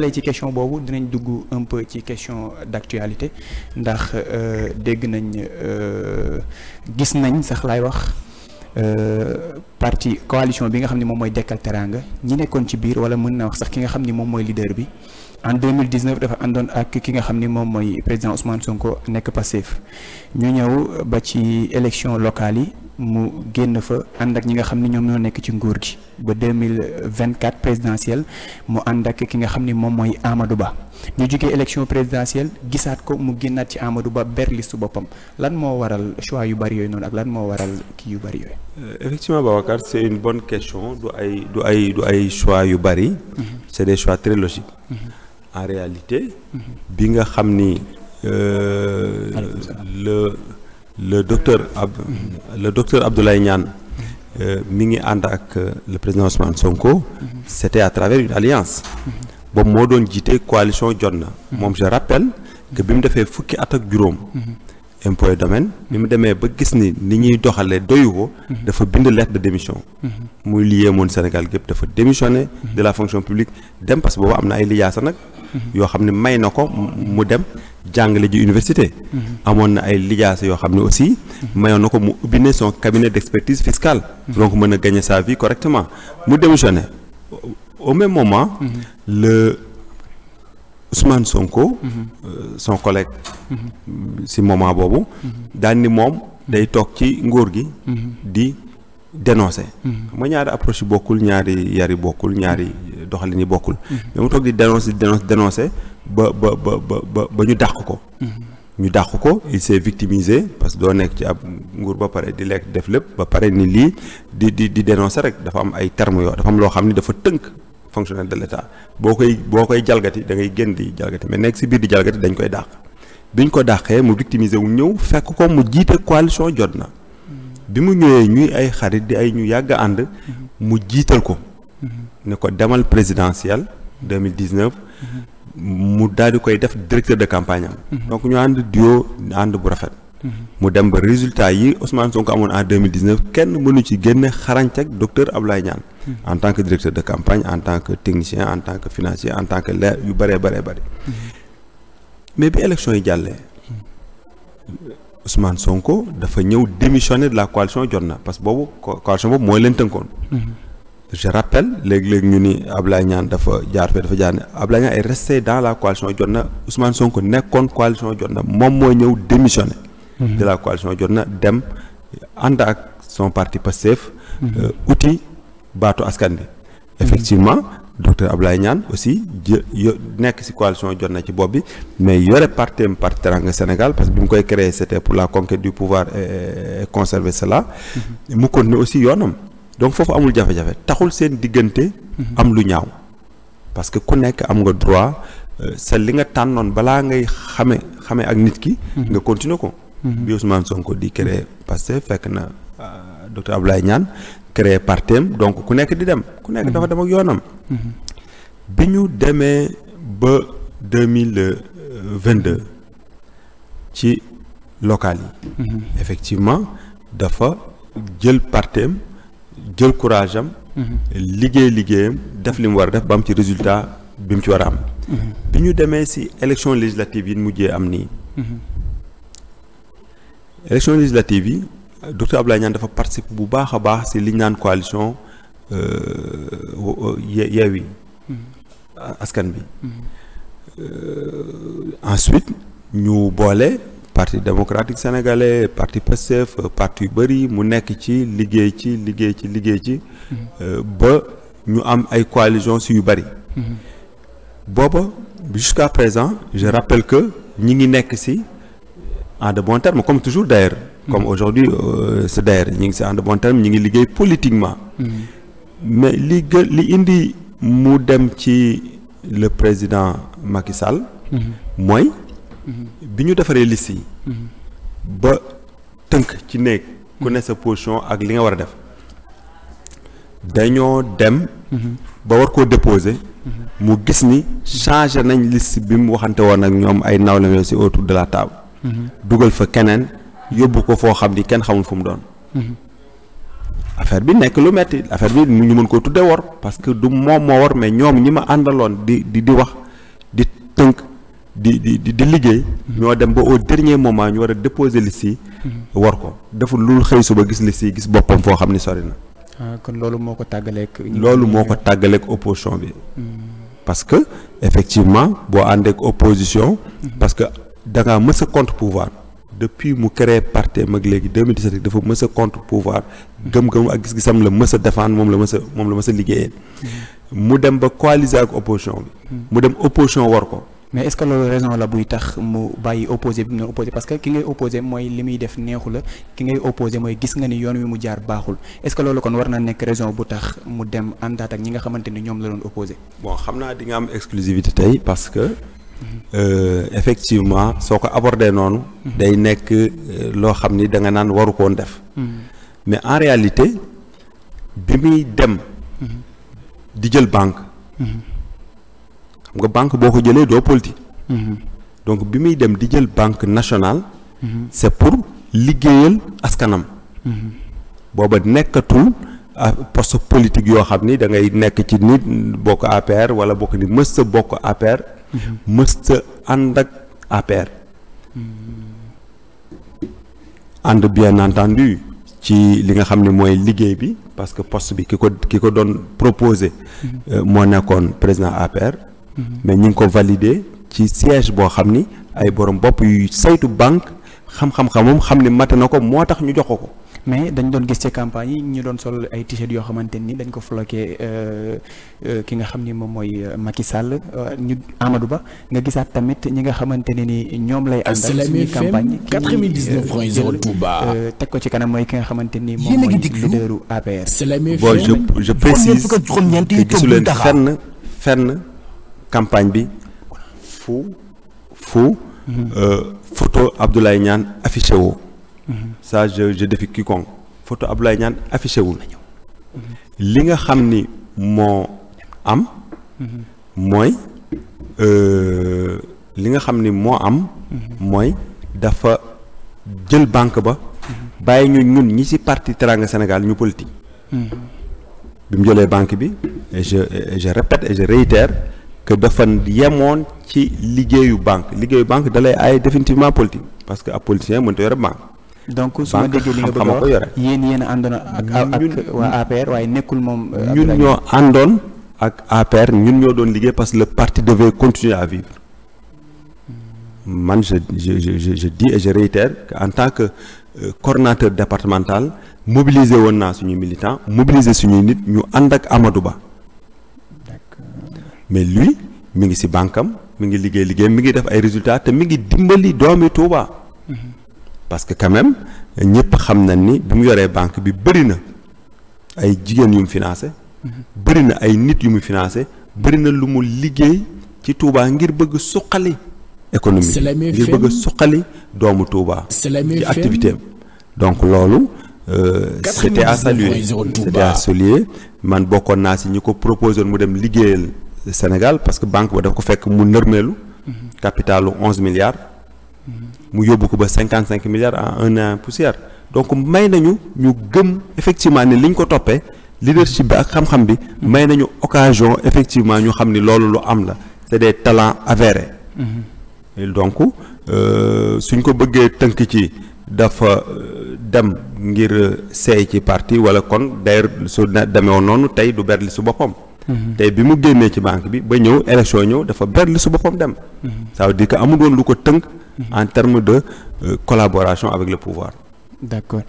lay ci question boobu dinañ dugg un peu ci question d'actualité ndax euh, dégg nañ euh, gis nañ sax laay wax euh, parti coalition bi nga xam ne moom mooy Dekkal Teraanga ñi nekkoon ci biir wala mën naa wax sax ki nga xam ni moom mooy leader bi en 2019 dafa àndoon ak ki nga xam ni moom mooy président Ousmane Sonko nekk Pastef ñu ñëw ba ci élection locale yi mu génn fa ànd ak ñi nga xam ni ñoom ñoo nekk ci nguur gi ba 2024 présidentielle mu ànd ak ki nga xam ni moom mooy Amadou Ba ñu jógee élection présidentielle gisaat ko mu génnaat ci Amadou Ba ber su boppam lan moo waral choix yu bari yooyu noonu ak lan moo waral kii yu bari yooyu. Euh, effectivement Babacar c' est une bonne question du ay du ay ay choix yu bari. Mm-hmm. est des choix très en réalité bi nga xam ni euh, le le docteur ab le docteur Abdoulaye Niane euh, mi ngi ànd ak euh, le président Ousmane Sonko c'était à travers une alliance boobu moo doon jiite coalition Jotna moom je rappelle que bi mu defee fukki at ak juróom impôt domaine ni mu demee ba gis ni ni ñuy doxalee doyu ko mhm. dafa bind lettre de démission mhm. muy lié moon Sénégal gépp dafa démissionné mhm. de la fonction publique dem parce que boobu am na ay lijaasa nag yoo xam ne may na ko mu dem jàngale ju université amoon na ay lijaasa yoo xam ne aussi mayoon na ko mu ubbi ne son cabinet d'expertise fiscale donc mën a gagner sa vie correctement mu démissionné au même moment le Ousmane Sonko. Mhm. Euh, son collègue. Mhm. si moment boobu. Mhm. daan ni moom day toog ci nguur gi. di dénoncer. xam ñaari approche bokkul ñaari yari bokkul ñaari doxali yi bokkul. mais toog di dénoncer di dénoncer ba ba ba ba ba ñu dàq ko. ñu dàq ko il s'est victimisé parce que doo nekk ci ab nguur ba pare di lekk def lépp ba pare ni lii di di di dénoncer rek dafa am ay termes yoo dafa am loo xam ni dafa tënk. fonctionnaire de l'État boo koy boo koy jalgati da ngay génn di jalgati mais nekk si biir di jalgati dañ koy dàq biñ ko dàqee mu victimiser wu ñëw fekk ko mu jiite coalition jot na bi mu ñëwee ñuy ay xarit di ay ñu yàgg ànd mu jiital ko ne ko demal présidentielle 2019 mu daal di koy def directeur de campagne am donc ñu ànd duo ànd bu rafet mu dem ba résultat yi Ousmane Sonko amoon en 2019 kenn mënu ci génne xarañteeg docteur Abdoulaye ñaan en tant que directeur de campagne en tant que technicien en tant que financier en tant que leer yu bëree bëree bëri mais bi élection yi jàllee Ousmane Sonko dafa ñëw démissionner de la coalition jot na parce que boobu coalition boobu mooy leen tënkoon je léegi-léegi ñu ni Ablaye Niane dafa jaar dafa jaar ne Ablaye Niane est la coalition jot na Ousmane Sonko nekkoon coalition jot na moom mooy ñëw démissionner de la coalition jot na dem ànd ak son parti Pastef euh, outil baatu askan bi effectivement docteur Ablaye ñaan aussi jë nekk ci coalition jot na ci bopp bi mais yore partem parti Teranga Sénégal parce que du mu koy créer et pour la conquête du pouvoir et conserver cela mm-hmm. mu continuer aussi yoonam donc foofu amul jafe-jafe taxul seen diggante mm-hmm. am lu ñaaw parce que ku nekk am nga droit euh, sa li nga tànnoon balaa ngay xame xame ak nit ki mm-hmm. nga continuer ko bi Ousmane Sonko di créer parce que fekk na euh, docteur Ablaye Niane créé partem donc ku nekk di dem ku nekk dafa dem ak yoonam bi ñu demee ba deux mille vingt deux ci local yi effectivement dafa jël partem jël courage am liggéey liggéeyam def li mu war a def ba am ci résultat bi mu ci war a am bi ñu demee si élection législative yi mujjee am nii élection législative yi docteur Abdoulaye Niane dafa participer bu baax a baax si liñ naan coalition euh, Yewwi mm-hmm. askan bi mm-hmm. euh, ensuite ñu boole parti démocratique sénégalais parti Pastef parti yu bëri mu nekk ci liggéey ci liggéey ci liggéey ci mm-hmm. euh, ba ñu am ay coalition si yu bëri booba jusqu'à présent je rappelle que ñi ngi nekk si en de bons termes comme toujours d'ailleurs comme mm-hmm. aujourd'hui c'est euh, d'ailleurs ñi ngi si en bon terme ñi ngi liggéey politiquement mm-hmm. mais li gë li indi mu dem ci le président Macky Sall mm-hmm. mooy bi ñu defaree liste yi ba tënk ci néeg ku ne sa position ak li nga war a def dañoo dem ba war koo déposer mu gis ni changé nañ liste bi mu waxante woon ak ñoom ay nawle si autour de la table dugal fa keneen yóbbu ko foo xam ni kenn xamul fu mu doon. affaire bi nekk lu metti affaire bi ñu mën koo tudde wor parce que du moom moo war mais ñoom ñi ma àndaloon di di di wax di tënk di di di liggéey. ñoo dem ba au dernier moment ñu war a déposé liste si war ko deful lu xëy suba gis liste yi gis boppam foo xam ni sori na. ah kon loolu moo ko tàggaleek. loolu moo ko tàggaleek opposition bi. Hmm. parce que effectivement boo àndeek opposition. Hmm. parce que da ngaa mës a contre pouvoir. depuis mu créé parti mag léegi 2017 dafa mës a contre pouvoir gëm-gëm ak gis-gisam la mës a moom la mës a moom la mës a liggéeyee mu dem ba coaliser ak opposition bi mu dem opposition war ko mais est-ce que loolu raison la buy tax mu bàyyi opposé bi mu ne opposé parce que ki ngay opposé mooy li muy def neexu la ki ngay opposé mooy gis nga ni yoon wi mu jaar baaxul est-ce que loolu kon war na nekk raison bu tax mu dem àndaat ak ñi nga xamante ni ñoom la doon opposé bon xam naa di am exclusivité tey parce que Euh, effectivement soo ko abordé noonu. day nekk euh, loo xam ni da nga naan waru koon def. mais en réalité bi muy dem. di jël banque. xam nga banque boo ko jëlee doo politique. donc bi muy dem di jël banque national c'est pour liggéeyal askanam. booba nekkatul ah, poste politique yoo xam ni da ngay nekk ci nit bokk APR wala bokk ni mës sa bokk APR. mësta ànd ak APR ànd bien entendu ci li nga xam ne mooy liggéey bi parce que poste bi ki ko ki ko doon proposé euh, moo nekkoon président APR mais ñi ngi ko validé ci siège boo xam ni ay borom bopp yu saytu banque xam-xam-xamam xam ne mate na ko moo tax ñu jox ko ko mais dañu doon gis ci campagne yi ñu doon sol ay t-shirt yoo xamante ni dañ ko floqué euh, euh, ki nga xam ni moom mooy euh, Macky sàll ñu Amadou Ba nga gisaat tamit ñi nga xamante ne ni ñoom lay. àndal suñuy campagne 99 point 0 Touba teg ko ci kanam mooy ki nga xamante ni moom mooy leaderu APR. bon je je précise que gisu leen fenn fenn campagne bi fu fu. Mm-hmm. photo Abdoulaye ñaan affiché woo ça je je défie quiconque photo Abdoulaye ñaan affiché wu li nga xam ni moo am mooy euh, li nga xam ni moo am mooy dafa jël banque ba bàyyi ñu ñun ñi ci parti Teranga Sénégal ñu politique bi mu jëlee banque bi et je et je répète et je réitère que dafa yemoon ci liggéeyu banque liggéeyu banque dalay ay définitivement politique parce que ab politicien mënta yore banque donc su ma déggee li nga bëgg a wax yéen yéen a àndoon ak ak waaye nekkul moom. Euh, ñun ñoo àndoon ak APR ñun ñoo doon liggéey parce que le parti devait continuer à vivre man je je je je et je réitère que en tant que euh, coordonnateur départemental mobiliser woon naa suñu militant mobiliser suñuy nit ñu ànd ak Amadou Ba mais lui mu ngi ci bànkam mu ngi liggéey liggéey mi ngi def ay résultat te mi ngi dimbali doomi Touba. Mm-hmm. parce que quand même ñëpp xam nañ ni bi mu yoree banque bi bëri na ay jigéen yu mu financé bëri na ay nit yu mu financé bëri na lu mu liggéey ci Touba ngir bëgg suqali économie ngir bëgg suqali doomu Touba ci activité am donc loolu Euh, c'était à saluer man bokkoon naa si ñi ko proposé mu dem liggéeyal Sénégal parce que banque ba dafa ko fekk mu nërmeelu mm-hmm. capitalu onze milliards mm-hmm. mu yóbbu ko ba cinquante cinq milliards en un an poussière donc may nañu ñu gëm effectivement ne li ñu ko toppee leadership bi ak xam-xam bi may nañu occasion effectivement ñu xam ni loolu lu am la c'est des talents avérés mm-hmm. et donc euh, suñ ko bëggee tënk ci dafa euh, dem ngir seey ci parti wala kon d'ailleurs su demee noonu tey du berli su boppam Mm-hmm. tey bi mu génnee ci banque bi ba ñëw élection ñëw dafa ber li su boppam dem mm-hmm. ça veut dire que amul woon lu ko tënk mm-hmm. en terme de euh, collaboration avec le pouvoir d'accord